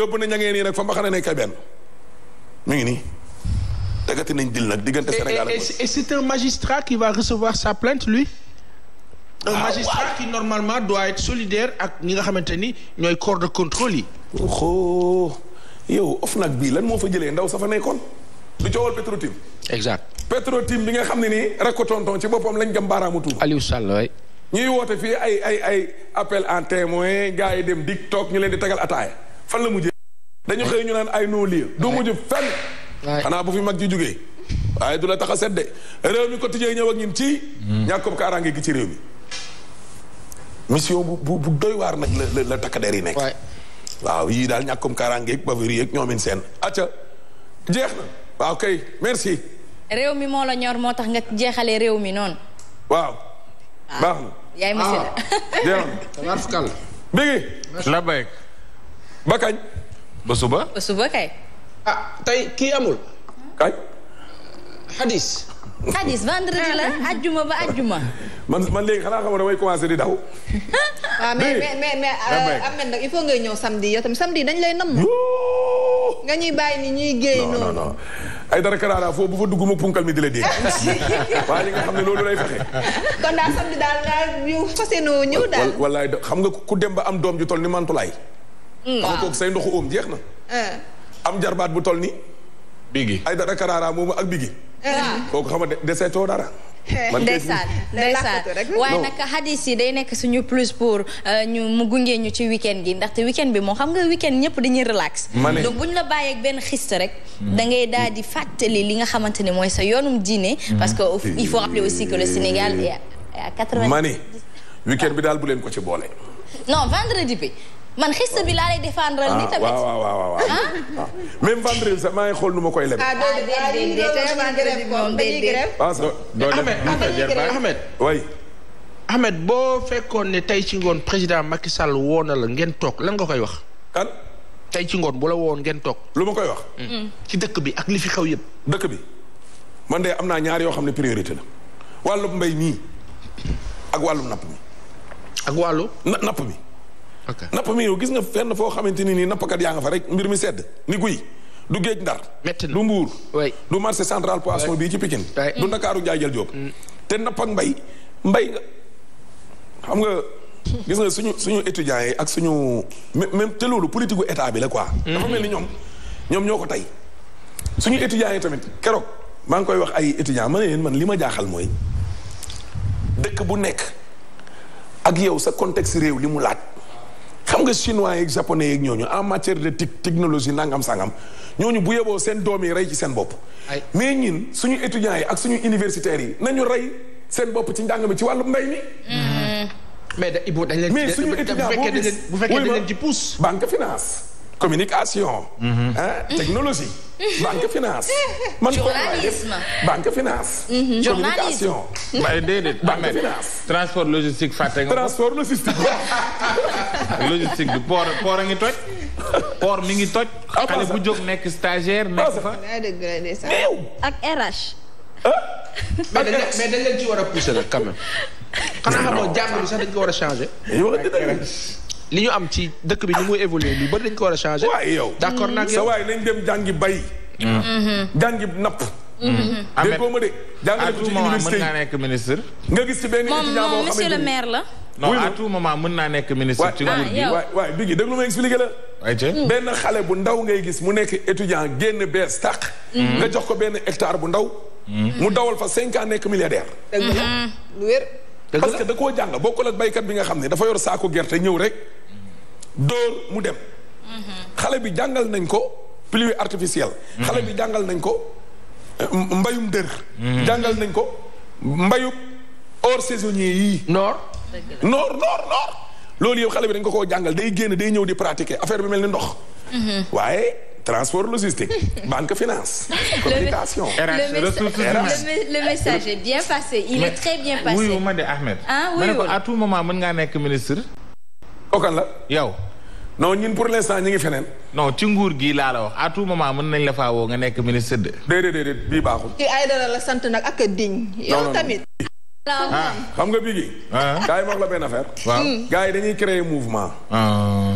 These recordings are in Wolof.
yóbbu na ña ngeen nii rek fa mbaxana nekkee benn mu ngi nii dagati nañ dil nag diggante Sénégal ak et c'est un magistrat qui va recevoir sa plainte lui un ah, magistrat qui normalement doit être solidaire ak ñi nga xamante ni ñooy corps de contrôle yi oo yow of nag bii lan moo fa jëlee ndaw sa nekkoon du coowal Petro-Tim exact Petro-Tim bi nga xam ne nii rakk tonton ci boppam lañ gëm baaraamu tuuma Aliou ñuy woote fii ay ay ay appel en témoin gars yi dem dik toog ñu leen di tagal ataaya fan la mujjee dañu xëy ñu naan ay non lieu doo mujj fenn xanaa bu fi mag ji jógee waaye du la tax a sedd réew mi quotidien ci hmm. ñàkkob kaaraange gi ci réew mi mission bu bu doy takk der yi nekk waaw yii daal ñàkkum kaaraange ak bavir seen acca réew mi moo la ñor moo tax nga jeexalee réew mi noonu waaw ah. baax na yaay monsieur ah. na tabarkalla ba kañ. ba suba. ba suba kay. ah tey kii amul. kañ. hadis. hadis vendredi la ajjuma ba ajjuma. man man léegi xanaa xam nga damay commencé di daw. waaw ah, mais mais mais euh, Ahmed nag il faut ngay ñëw samedi yow tamit samedi dañ lay nam nga ñuy bàyyi ni ñuy géey noonu non non ay dara karaara foofu bu fa dugg ma punkal mi di la dee. waaye li nga xam ne loolu lay fexe. kon daal samedi daal daal ñu fas yéenoo ñëw daal. wallaay xam nga ku dem ba am doom ju toll ni mantulaay. xam nga kooku say ndoxu oom jeex na. Eh. am jarbaat bu toll nii. bigi ay dara karaara moomu ak bigi. Eh. kooku xam nga deseetoo dara. Eh. ndeysaan ndeysaan waaye nag hadis yi day nekk suñu plus pour euh, ñu mu gungee ñu ci weekend gi ndaxte weekend bi moo xam nga weekend ñëpp dañuy relax donc buñ la bàyyeeg benn xiste rek da ngay daal di fàttali li nga xamante ne mooy sa yoonum diine mm. parce que il faut rappeler aussi que le Sénégal est à quatre-vingt mani weekend bi daal bu leen ko ci boole non vendredi bi man xiste bi laa lay défendre ni ah, tamit. waaw ah? vendredi sax maa xool nu ma koy leb. ah déedéet déedéet ah, Ahmed Ahmed boo fekkoon ne tey ci ngoon président Macky Sall woo na la ngeen toog lan nga koy wax. kan. tey ci ngoon bu la woon ngeen toog. lu ma koy wax. Mm. ci dëkk bi ak li fi xaw yëpp. dëkk bi man de am naa ñaar yoo xam ne priorité la mbay mii ak wàllum napp mi. wàllu. na napp mi. ok napp mi yow gis nga fenn foo xamante ni nii nappkat yaa nga fa rek mbir mi sedd ni guy. du géej ndar. métti du mbuur. du marché central poisson bii ci Pikine. du ndakaaru njaay jël mm. te napp ak mbay mbay nga xam nga. gis nga suñu suñu étudiants yi ak suñu même te loolu politique état bi la quoi. Mm. dafa mel ni ñoom ñoom ñoo ko tey. suñu étudiants yi tamit keroog maa ngi koy wax ay étudiants ma ne leen man li ma jaaxal mooy dëkk bu nekk. ak yow sa contexte réew li mu laaj xam nga chinois yeeg japonais yeeg ñooñu en matière de technologie nangam sangam ñooñu bu yeboo seen doom yi rey ci seen bopp. mais su ñu étudiants yi ak suñu universitaires yi nañu rey seen bopp ci njàng mi ci wàllum mbay mi. Mm-hmm. mais da Ibou dañ leen. mais bu fekkee dañ leen ci pousse. banque finance. communication. Mm-hmm. technologie. Mm-hmm. banque finance. man journalisme banque finance. Mm-hmm. communication. waaye déedéet. banque finance. transport logistique fàtte nga. transport logistique. logistique bi port port a ngi toj. port mi ngi toj. xale bu jóg nekk stagiaire nekk fa. ak RH. mais dañ mais dañ leen ci war a pousser nag quand même. xanaa xamoo jàng bi sax dañ ko war a changer. li ñu am ci dëkk bi ni muy évoluer lu bëri dañ ko war a changer. waay yow sa waay jàngi bay. jàngi napp. amee déggoo ma de jàngale ministre. nga gis ci benn boo xam ne moom monsieur la. non à moment mën naa nekk ministre. ci nguur gi waay waay bi gi déglu ma expliqué la. Hmm. benn xale bu ndaw ngay gis mu nekk étudiant génn bees tàq. Hmm. nga jox ko benn hectare bu ndaw. Hmm. mu dawal fa cinquante nekk milliardaire. dëgg la lu wér. parce que da koo jàng bokkul ak baykat bi nga xam ne dafa yor saako gerte ñëw rek. dóor mu dem. xale bi jàngal nañ ko pluie artificielle. xale bi jàngal nañ ko euh, mbayum dër. jàngal nañ ko mbayub hors saisonnier yi noor. noor noor noor. loolu yëpp xale bi dañ ko koo jàngal day génn day ñëw di pratiquer affaire bi mel ni ndox. waaye transport logistique. banque finance. communication le le message bien passé il est très bien passé. wuyu ma de Ahmed. Ah, ma ne ko à tout moment mën ngaa nekk ministre. kookan la yow. non ñun pour l'instant ñu ngi feneen. non ci nguur gi laa wax à tout moment mën nañ la faa woo nga nekk ministre de. déedéet déedéet bii baaxul. i ay dara la sant nag ak a diñ. yow tamit. Ah, xam nga bii gi. Ah. gars yi ma wax la benn affaire. waaw hmm. gars yi dañuy créer mouvement. Ah.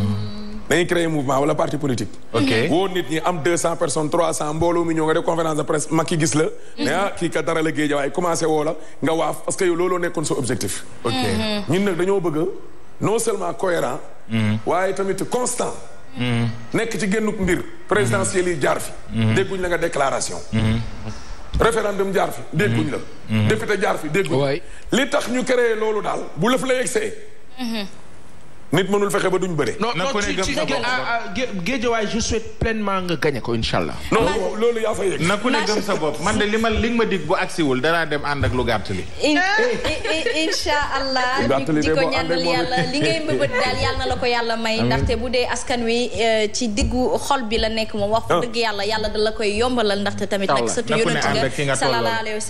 dañuy créer mouvement wala parti politique. ok woo nit ñi am deux 200 personnes 300 mbooloo mi ñëw nga def conférence de presse mag ki gis la. mais hmm. ah kii kat dara la géej waaye commencé woo la nga waaf parce que looloo nekkoon sa objectif. ok hmm. ñun dañoo bëgg non seulement cohérent Mm-hmm. waaye tamit constant. Mm-hmm. nekk ci génnuk mbir. Mm-hmm. présidentiel yi jaar fi. dégguñ la nga déclaration. référendum jaar fi dégguñ la. député jaar fi dégguñ. li tax ñu créé loolu daal bu lëf la yegsee. nit mënul fexe ba duñ bëre. non non ci ci ah, ah, géejawaay je souhaite pleinement nga gagné ko incha allah. non na ku ne gëm sa bopp man de li ma li nga ma dig bu agsiwul danaa dem ànd ak lu gàtt li. incha allah. di ko ñaanal yàlla li ngay mbëbët daal yàlla la ko yàlla may. ndaxte bu dee askan wi euh, ci diggu xol bi la nekk moom wax ah. dëgg yàlla yàlla da la koy yombalal ndaxte tamit. nag sëtu yonent nga sallallahu alayhi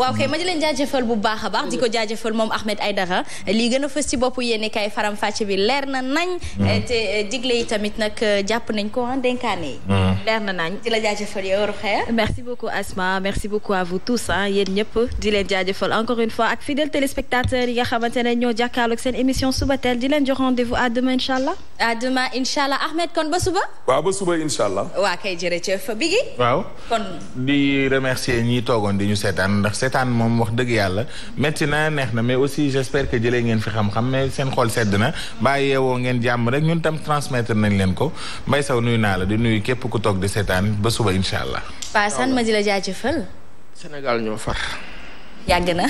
waaw kay ma di leen jaajëfal bu baax a baax di mm. ko jaajëfal moom Ahmed Aidara lii gën a fës ci bopp yéen faram fàcce bi leer na nañ. Mm. Eh, te eh, digle yi tamit nag eh, jàpp nañ ko ah dénkaane yi. Mm. leer na nañ di la jaajëfal yow Rokhaya. merci beaucoup Asma merci beaucoup à vous tous ah yéen ñëpp di leen jaajëfal encore une fois ak fidèles téléspectateurs yi nga xamante ne ñoo jàkkaarloog seen émission suba teel di leen jox rendez-vous à demain incha allah. à Ahmed kon ba suba. waa ba suba incha allah. waa kay jërëjëf Biggi. waaw kon di remercier ñi toogoon di ñu seetaan ndax seetaan moom wax dëgg yàlla métti na neex na mais aussi j'espère jëlee ngeen fi xam-xam mais seen xol sedd na. bàyyi woo ngeen jàmm rek ñun tam transmettre nañ leen ko Mbaye Sow nuyu naa la di nuyu képp ku toog di seetaan ba suba incha allah. Paa San ma di la jaajëfal. Sénégal ñoo far. yàgg na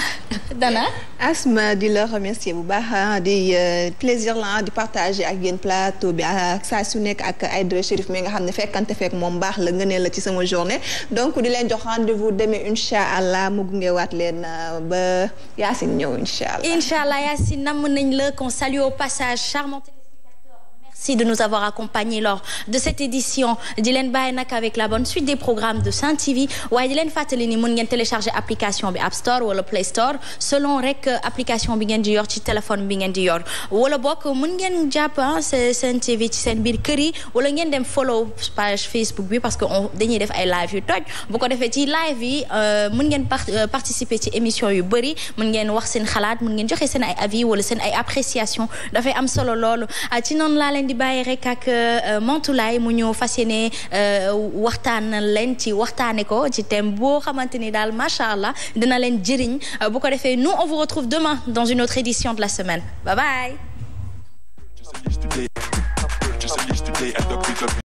dana asma di la remercier bu baax ah, di euh, plaisir la ah, di partager ak yéen plateau bi ah, ak saa su nekk ak Aïdara Chérif mi nga xam ne fekkante fekk moom baax la ngëneel la ci sama journée donc di leen jox rendez-vous demee incha allah mu gunge waat leen euh, ba Yacine ñëw incha allah. incha allah Yacine nañ la qu'on salue au passage charmante. merci de nous avoir accompagnés lors de cette édition di leen bàyyi nag avec la bonne suite des programmes de Sen TV waaye di leen fàttali ni mën ngeen télécharger application bi App Store wala Play Store selon rek application bi ngeen di yor ci téléphone bi ngeen di yor wala bokk mën ngeen jàpp Sen TV ci seen biir kër yi wala ngeen dem follow page Facebook bi parce que on dañuy def ay live yu toj bu ko defee ci live yi euh, mën ngeen euh, participer ci émission yu bëri mën ngeen wax seen xalaat mën ngeen joxe seen ay avis wala seen ay appréciation dafay am solo loolu ah, ci noonu laa leen di bàyyi rek ak euh, Mantoulaye mu ñëw fas yéene euh, waxtaan leen ci waxtaane ko ci thème boo xamante ni daal macha allah dina leen jëriñ euh, bu ko defee nous on vous retrouve demain dans une autre édition de la semaine bye bye.